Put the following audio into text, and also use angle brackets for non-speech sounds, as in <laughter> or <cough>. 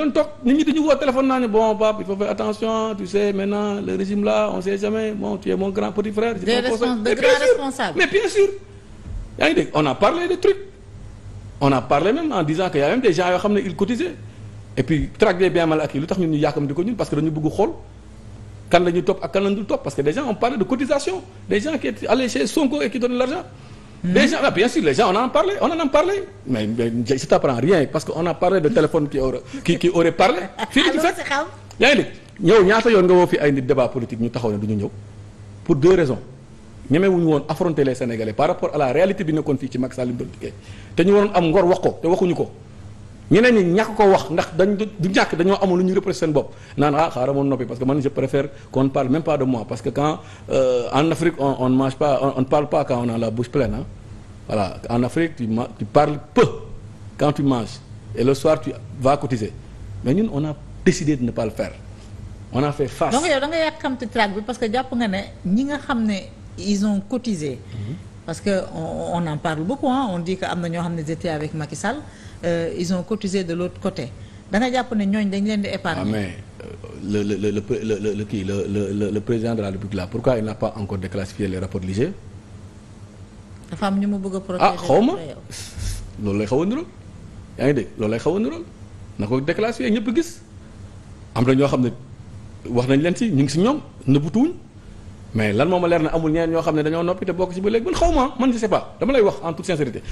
ñoon toog nit ñi dañu woo téléphone naa ne bon pap il faut faire attention tu sais maintenant le régime là on sait jamais bon tu es mon grand petit frère. de grand responsable mais bien sûr yaa ngi dégg on a parlé des trucs on a parlé même en disant que y a même des gens yoo xam ne ils cotisaient et puis traque des biens mal acquis lu tax ñun ñu yàkkamti ko ñun parce que dañu bëgg xool kan la ñuy ak kan la dul topp parce que des gens on parlait de cotisation des gens les hmm. gens bien sûr les gens on en parlait on a mais mais je t'apprends rien parce que on a parlé de téléphone qui aura qui qui aurait <laughs> fii la ñu fekk yaa ngi ñëw ñaata yoon nga woo fi ay nit débat politique ñu taxaw ne du ñu ñëw pour deux raisons ñemewuñu woon affronter les sénégalais par rapport à la réalité bi nekkoon fii ci Macky Sall bi te ñu waroon am ngor wax ko te waxuñu ko. ñeneen ñi ñàkk ko wax ndax dañ du ñàkk dañoo amoon lu ñu représenter seen bopp naan ah xaaral ma noppi parce que man je préfère qu'on ne parle même pas de moi parce que quand euh, en Afrique on mange pas on parle pas quand on a la bouche pleine ah voilà en Afrique tu ma tu peu quand tu manges et le soir tu vas cotiser mais ñun on a décidé de ne pas le faire on a fait face. donc yow da nga yàkkamti track bi parce que jàpp nga ne ñi nga xam ne ils ont cotisé. Mm-hmm. parce que on, on en parle beaucoup hein on dit que am na ñoo xam ne ils étaient avec Macky Sall euh, ils ont cotisé de l'autre côté da jàpp ne ñooñ dañ leen di épargner. Ah, mais euh, le kii la le, le le président de la République là pourquoi il n'a pas encore déclassifié les rapports de l'IGE. am ñu mu bëgg a protéger. ah xaw ma loolu lay xaw a niróol yaa ngi dégg loolu lay xaw a niróol na ko déclassifié ñëpp gis am na ñoo xam ne wax nañ leen si ñu ngi si ñoom nëbbutuwuñ. mais lan moo ma leer ne amul ñeneen ñoo xam ne dañoo noppi te bokk ci ba léegi man xaw man je sais pas dama lay wax en toute sincérité